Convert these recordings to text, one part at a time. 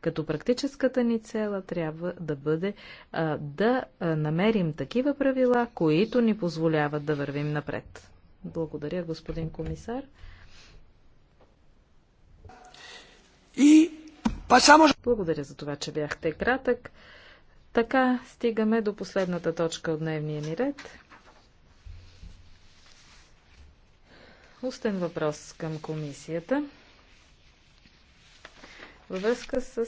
Като практическата ни цела трябва да бъде а, да намерим такива правила, които ни позволяват да вървим напред. Благодаря, господин комисар. И Благодаря за това, че бяхте кратък. Така стигаме до последната точка от дневния ни ред. Устен въпрос към комисията. Във връзка с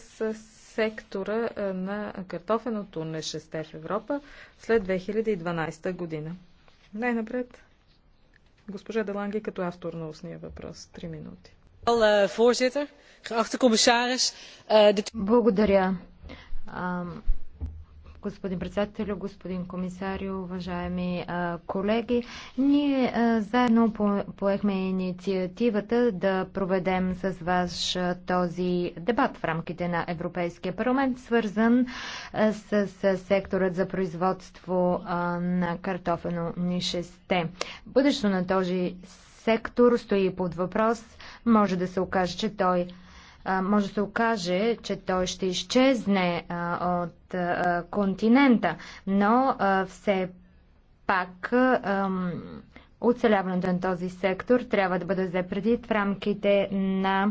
сектора на картофеното нешесте в Европа след 2012 година. Най-напред, госпожа Деланги като автор на устния въпрос. Три минути. Eh, eh, Благодаря господин председател, господин комисарио, уважаеми а, колеги. Ние а, заедно по, поехме инициативата да проведем с вас а, този дебат в рамките на Европейския парламент, свързан а, с, с секторът за производство а, на картофено нишесте. Бъдещето на този сектор стои под въпрос. Може да се окаже, че той може да се окаже, че той ще изчезне от континента, но все пак оцеляването на този сектор трябва да бъде взе преди в рамките на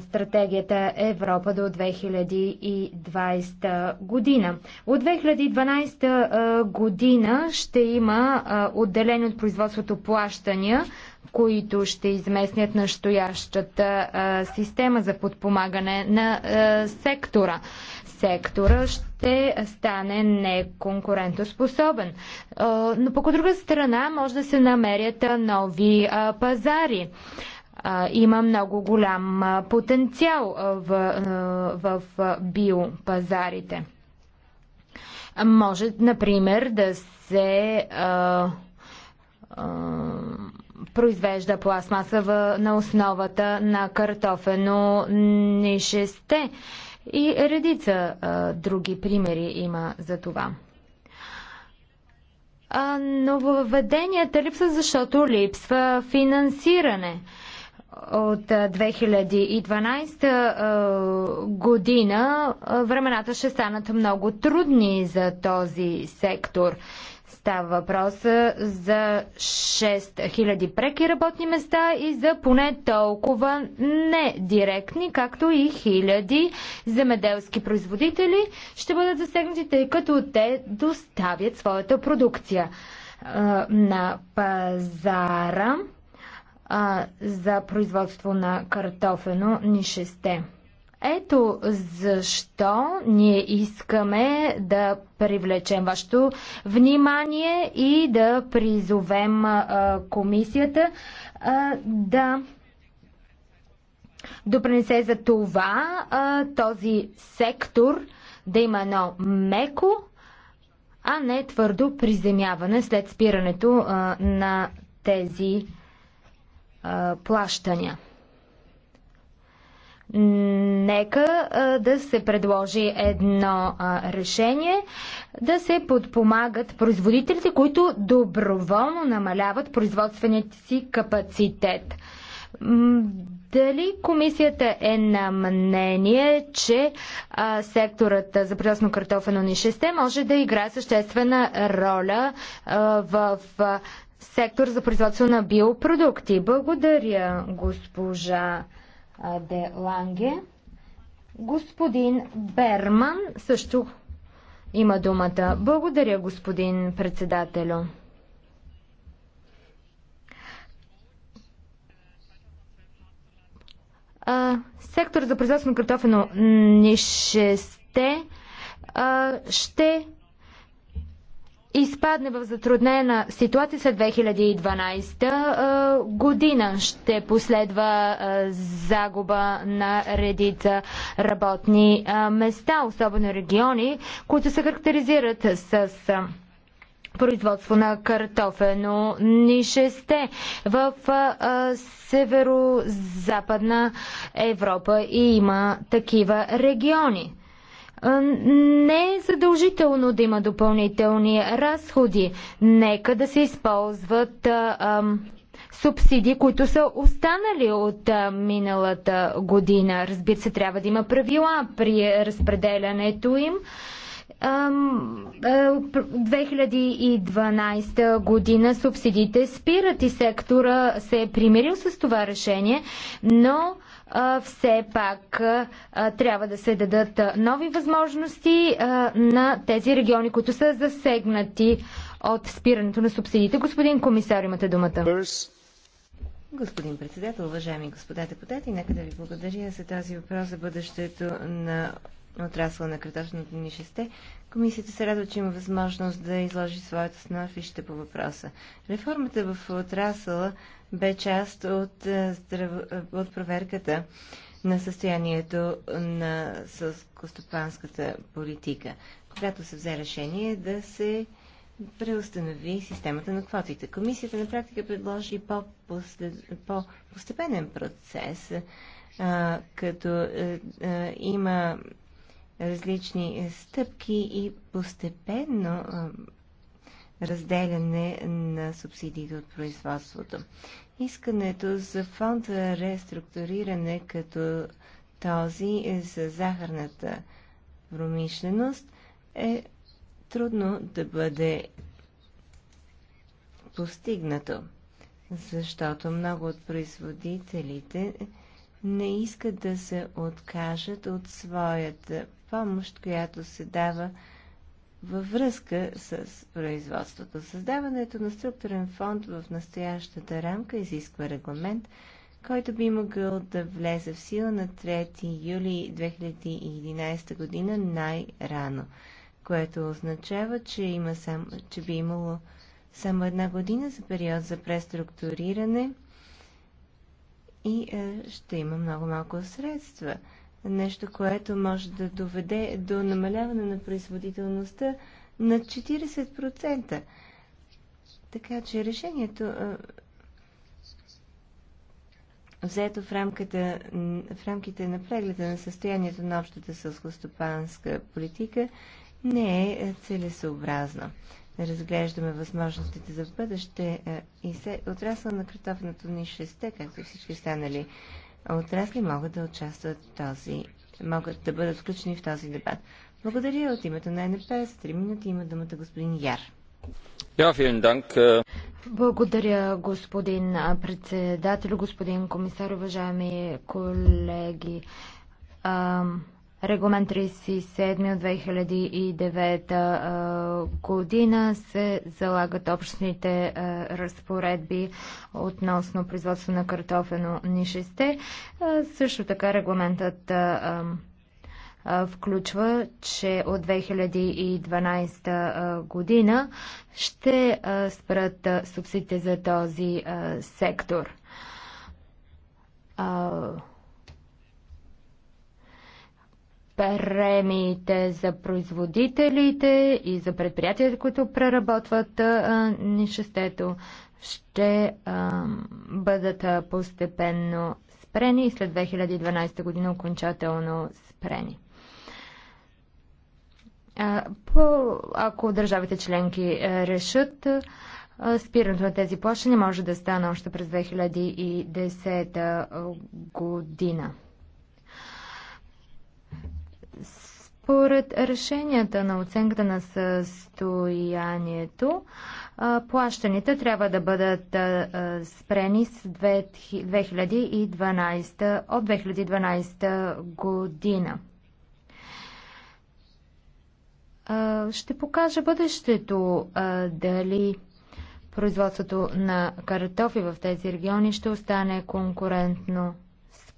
стратегията Европа до 2020 година. От 2012 година ще има отделение от производството плащания които ще изместят настоящата а, система за подпомагане на а, сектора. Сектора ще стане неконкурентоспособен. А, но по друга страна може да се намерят нови а, пазари. А, има много голям а, потенциал а, в, а, в биопазарите. Може, например, да се а, а, произвежда пластмаса в, на основата на картофено нишесте. И редица а, други примери има за това. А, липсва липсват, защото липсва финансиране. А, от 2012 година времената ще станат много трудни за този сектор. Става въпрос за 6000 преки работни места и за поне толкова недиректни, както и хиляди земеделски производители ще бъдат засегнати, тъй като те доставят своята продукция на пазара а, за производство на картофено нишесте. Ето защо ние искаме да привлечем вашето внимание и да призовем а, комисията а, да допринесе за това а, този сектор да има едно меко, а не твърдо приземяване след спирането а, на тези а, плащания. Нека а, да се предложи едно а, решение да се подпомагат производителите, които доброволно намаляват производствените си капацитет. Дали комисията е на мнение, че а, секторът за прясно картофено ни 6 може да играе съществена роля а, в а, сектор за производство на биопродукти. Благодаря, госпожа Де Ланге. Господин Берман също има думата. Благодаря, господин председателю. сектор за производство на картофено нишесте ще изпадне в затруднена ситуация след 2012 година. Ще последва загуба на редица работни места, особено региони, които се характеризират с производство на картофено нишесте в северо-западна Европа и има такива региони. Не е задължително да има допълнителни разходи. Нека да се използват субсидии, които са останали от а, миналата година. Разбира се, трябва да има правила при разпределянето им. 2012 година субсидиите спират и сектора се е примирил с това решение, но все пак трябва да се дадат нови възможности на тези региони, които са засегнати от спирането на субсидиите. Господин комисар, имате думата. Господин председател, уважаеми господа депутати, нека да ви благодаря за тази въпрос за бъдещето на отрасла на картофното ни шесте, комисията се радва, че има възможност да изложи своето становище по въпроса. Реформата в отрасъла бе част от, е, е, от проверката на състоянието на сълскостопанската политика, когато се взе решение да се преустанови системата на квотите. Комисията на практика предложи по-постепенен процес, а, е, като а, а, има различни стъпки и постепенно разделяне на субсидиите от производството. Искането за фонд за реструктуриране като този за захарната промишленост е трудно да бъде постигнато, защото много от производителите не искат да се откажат от своята помощ, която се дава във връзка с производството. Създаването на структурен фонд в настоящата рамка изисква регламент, който би могъл да влезе в сила на 3 юли 2011 година най-рано, което означава, че, има сам, че би имало само една година за период за преструктуриране и е, ще има много малко средства – нещо, което може да доведе до намаляване на производителността на 40%. Така че решението взето в, рамката, в рамките на прегледа на състоянието на общата сълскостопанска политика не е целесообразно. Разглеждаме възможностите за бъдеще и се отрасъл на кратовното ни шесте, както всички станали отрасли могат да участват в този, могат да бъдат включени в този дебат. Благодаря от името на НП. С 3 минути има думата господин Яр. Благодаря, господин председател, господин комисар, уважаеми колеги. Регламент 37 от 2009 година се залагат общните разпоредби относно производство на картофено нишесте. Също така регламентът включва, че от 2012 година ще спрат субсидите за този сектор. премиите за производителите и за предприятията, които преработват нишестето, ще а, бъдат постепенно спрени и след 2012 година окончателно спрени. А, по, ако държавите членки решат, спирането на тези плащания може да стане още през 2010 година. Според решенията на оценката на състоянието, плащаните трябва да бъдат спрени с 2012, от 2012 година. Ще покажа бъдещето дали производството на картофи в тези региони ще остане конкурентно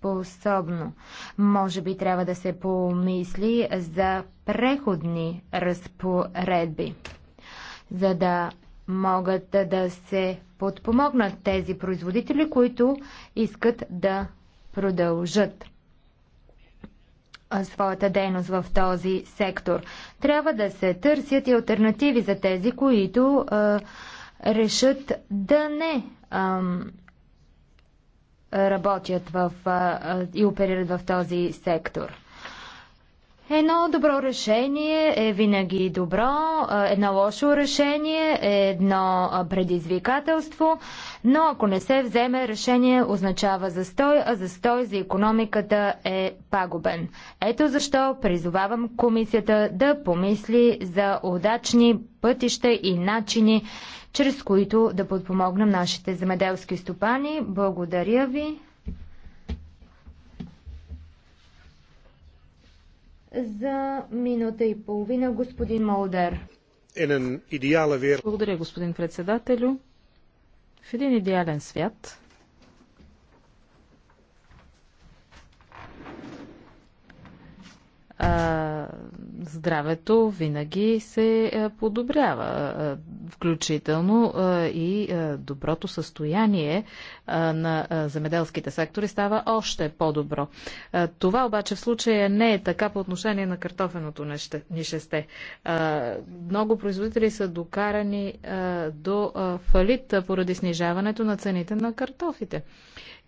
жизнеспособно. Може би трябва да се помисли за преходни разпоредби, за да могат да се подпомогнат тези производители, които искат да продължат своята дейност в този сектор. Трябва да се търсят и альтернативи за тези, които а, решат да не А, работят в, и оперират в този сектор. Едно добро решение е винаги добро, едно лошо решение е едно предизвикателство, но ако не се вземе решение, означава застой, а застой за економиката е пагубен. Ето защо призовавам комисията да помисли за удачни пътища и начини, чрез които да подпомогнем нашите земеделски стопани. Благодаря ви. За минута и половина господин Молдер. Благодаря, господин председателю. В един идеален свят а, здравето винаги се е, подобрява, е, включително е, и доброто състояние на земеделските сектори става още по-добро. Това обаче в случая не е така по отношение на картофеното нишесте. Много производители са докарани до фалит поради снижаването на цените на картофите.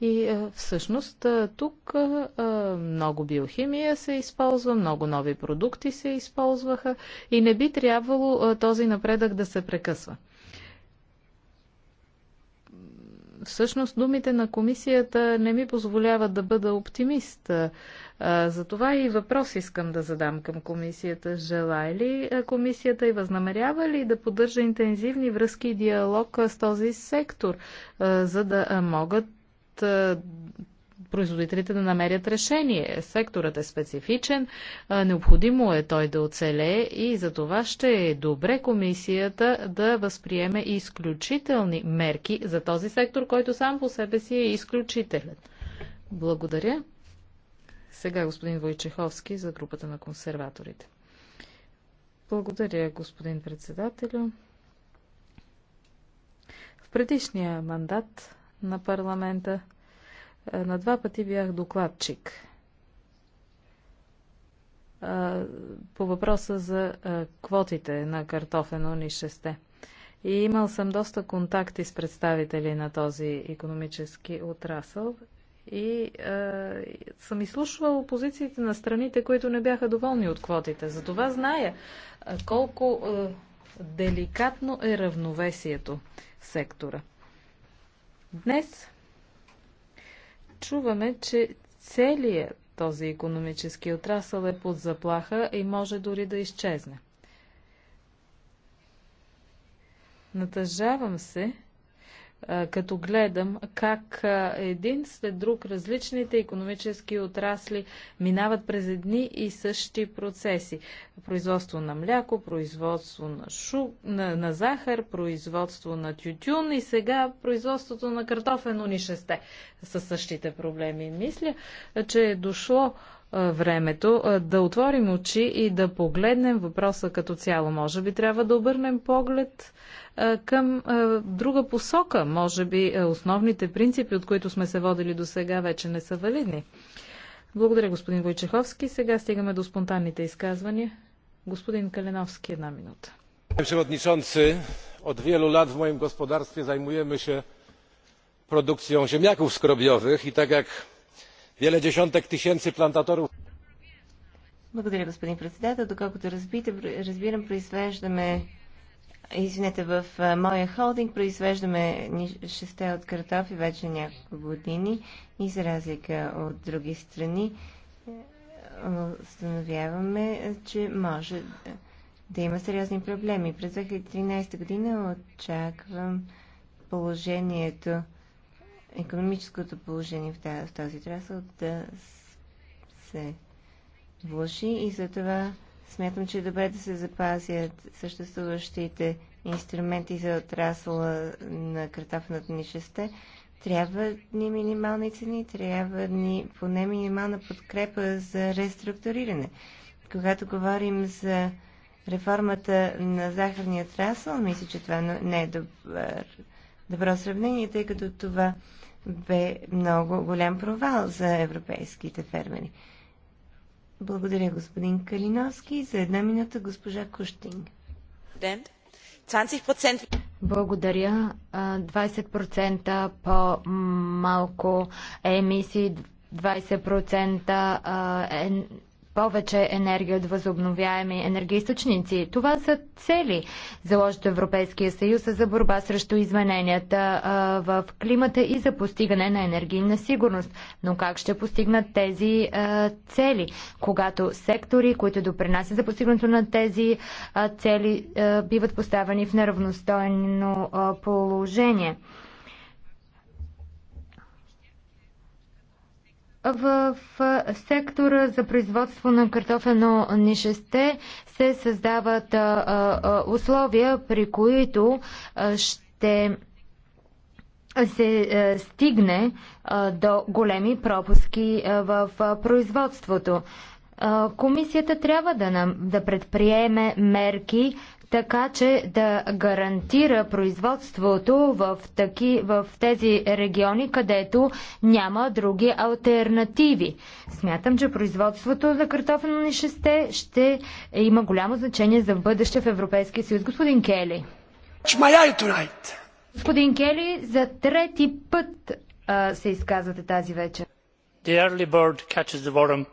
И е, всъщност е, тук е, много биохимия се използва, много нови продукти се използваха и не би трябвало този напредък да се прекъсва. Всъщност думите на комисията не ми позволяват да бъда оптимист. Затова и въпрос искам да задам към комисията. Желая ли комисията и възнамерява ли да поддържа интензивни връзки и диалог с този сектор, за да могат производителите да намерят решение. Секторът е специфичен, необходимо е той да оцелее и за това ще е добре комисията да възприеме изключителни мерки за този сектор, който сам по себе си е изключителен. Благодаря. Сега господин Войчеховски за групата на консерваторите. Благодаря, господин председателю. В предишния мандат на парламента. Е, на два пъти бях докладчик е, по въпроса за е, квотите на картофено ни шесте. И имал съм доста контакти с представители на този економически отрасъл и е, съм изслушвал позициите на страните, които не бяха доволни от квотите. Затова зная колко е, деликатно е равновесието в сектора. Днес чуваме, че целият този економически отрасъл е под заплаха и може дори да изчезне. Натъжавам се, като гледам как един след друг различните економически отрасли минават през едни и същи процеси. Производство на мляко, производство на, шу, на, на захар, производство на тютюн и сега производството на картофено унишесте са същите проблеми. Мисля, че е дошло времето, да отворим очи и да погледнем въпроса като цяло. Може би трябва да обърнем поглед към друга посока. Може би основните принципи, от които сме се водили до сега, вече не са валидни. Благодаря, господин Войчеховски. Сега стигаме до спонтанните изказвания. Господин Калиновски, една минута. Przewodniczący, od wielu lat w moim gospodarstwie zajmujemy się produkcją ziemniaków skrobiowych i tak jak wiele dziesiątek tysięcy plantatorów. Благодаря, господин председател. Доколкото разбите, разбирам, произвеждаме, извинете, в моя холдинг произвеждаме шесте от картофи вече няколко години и за разлика от други страни установяваме, че може да има сериозни проблеми. През 2013 година очаквам положението економическото положение в този трасъл да се влуши и затова смятам, че е добре да се запазят съществуващите инструменти за трасъла на картоф на днищесте. Трябва ни минимални цени, трябва ни поне минимална подкрепа за реструктуриране. Когато говорим за реформата на захарния трасъл, мисля, че това не е добър, добро сравнение, тъй като това бе много голям провал за европейските фермери. Благодаря господин Калиновски. За една минута госпожа Куштинг. 20%... Благодаря. 20% по-малко емисии, 20% повече енергия от възобновяеми енергоисточници. Това са цели, заложат Европейския съюз за борба срещу измененията в климата и за постигане на енергийна сигурност. Но как ще постигнат тези цели, когато сектори, които допринасят за постигането на тези цели, биват поставени в неравностойно положение? В сектора за производство на картофено нишесте се създават условия, при които ще се стигне до големи пропуски в производството. Комисията трябва да, нам да предприеме мерки, така че да гарантира производството в, таки, в тези региони, където няма други альтернативи. Смятам, че производството на картофено шесте ще има голямо значение за бъдеще в Европейския съюз. Господин Кели. Господин Кели, за трети път а, се изказвате тази вечер. The early bird catches the worm.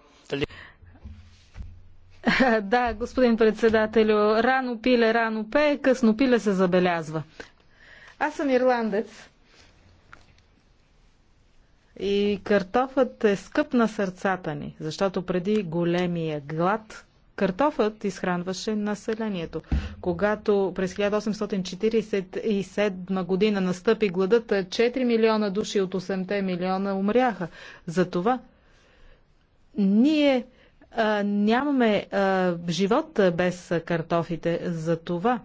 Да, господин председателю, рано пиле, рано пее, късно пиле се забелязва. Аз съм ирландец. И картофът е скъп на сърцата ни, защото преди големия глад картофът изхранваше населението. Когато през 1847 година настъпи гладът, 4 милиона души от 8 милиона умряха. Затова ние нямаме живот без картофите. За това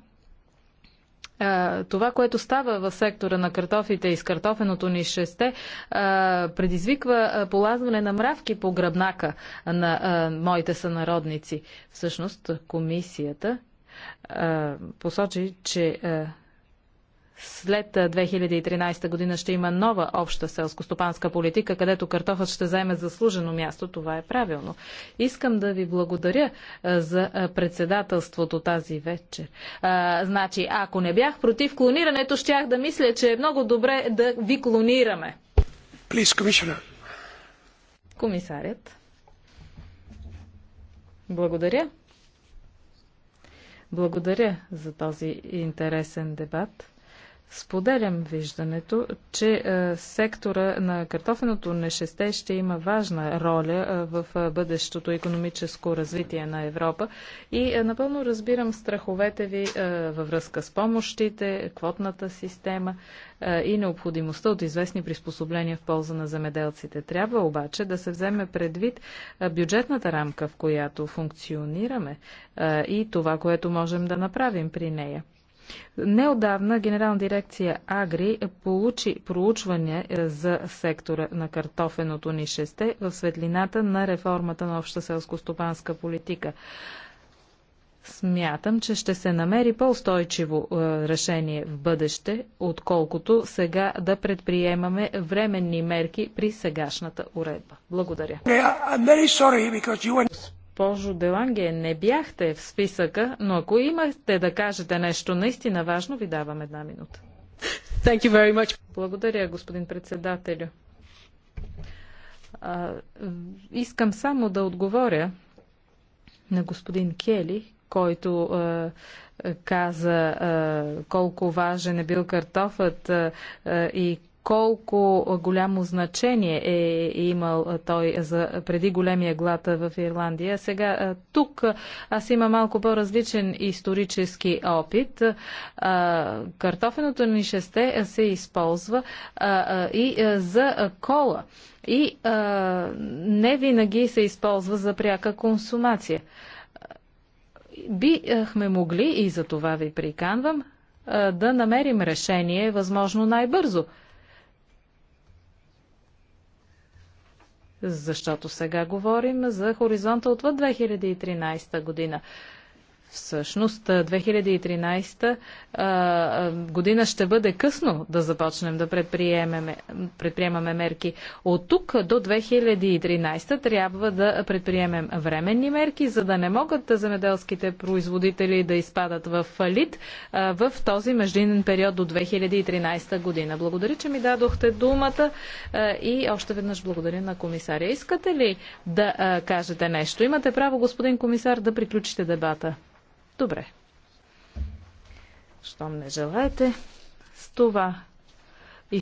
това, което става в сектора на картофите и с картофеното ни шесте, предизвиква полазване на мравки по гръбнака на моите сънародници. Всъщност, комисията посочи, че след 2013 година ще има нова обща селскостопанска политика, където картофът ще заеме заслужено място. Това е правилно. Искам да ви благодаря за председателството тази вечер. А, значи, ако не бях против клонирането, щях да мисля, че е много добре да ви клонираме. Please, Комисарят. Благодаря. Благодаря за този интересен дебат. Споделям виждането, че е, сектора на картофеното нешесте ще има важна роля е, в е, бъдещото економическо развитие на Европа и напълно разбирам страховете ви във връзка с помощите, квотната система и необходимостта от известни приспособления в полза на земеделците. Трябва обаче да се вземе предвид бюджетната рамка, в която функционираме и това, което можем да направим при нея. Неодавна Генерална дирекция Агри получи проучване за сектора на картофеното ни шесте в светлината на реформата на обща селско-стопанска политика. Смятам, че ще се намери по-устойчиво е, решение в бъдеще, отколкото сега да предприемаме временни мерки при сегашната уредба. Благодаря госпожо Деланге, не бяхте в списъка, но ако имахте да кажете нещо наистина важно, ви давам една минута. Thank you very much. Благодаря, господин председателю. А, искам само да отговоря на господин Кели, който а, каза а, колко важен е бил картофът а, и колко голямо значение е имал той за преди големия глад в Ирландия. Сега тук аз имам малко по-различен исторически опит. Картофеното ни шесте се използва и за кола. И не винаги се използва за пряка консумация. Бихме могли, и за това ви приканвам, да намерим решение възможно най-бързо. защото сега говорим за хоризонта отвъд 2013 година. Всъщност 2013 година ще бъде късно да започнем да предприемаме мерки. От тук до 2013 трябва да предприемем временни мерки, за да не могат земеделските производители да изпадат в фалит в този междинен период до 2013 година. Благодаря, че ми дадохте думата и още веднъж благодаря на комисаря. Искате ли да кажете нещо? Имате право, господин комисар, да приключите дебата. Добре. Щом не желаете, с това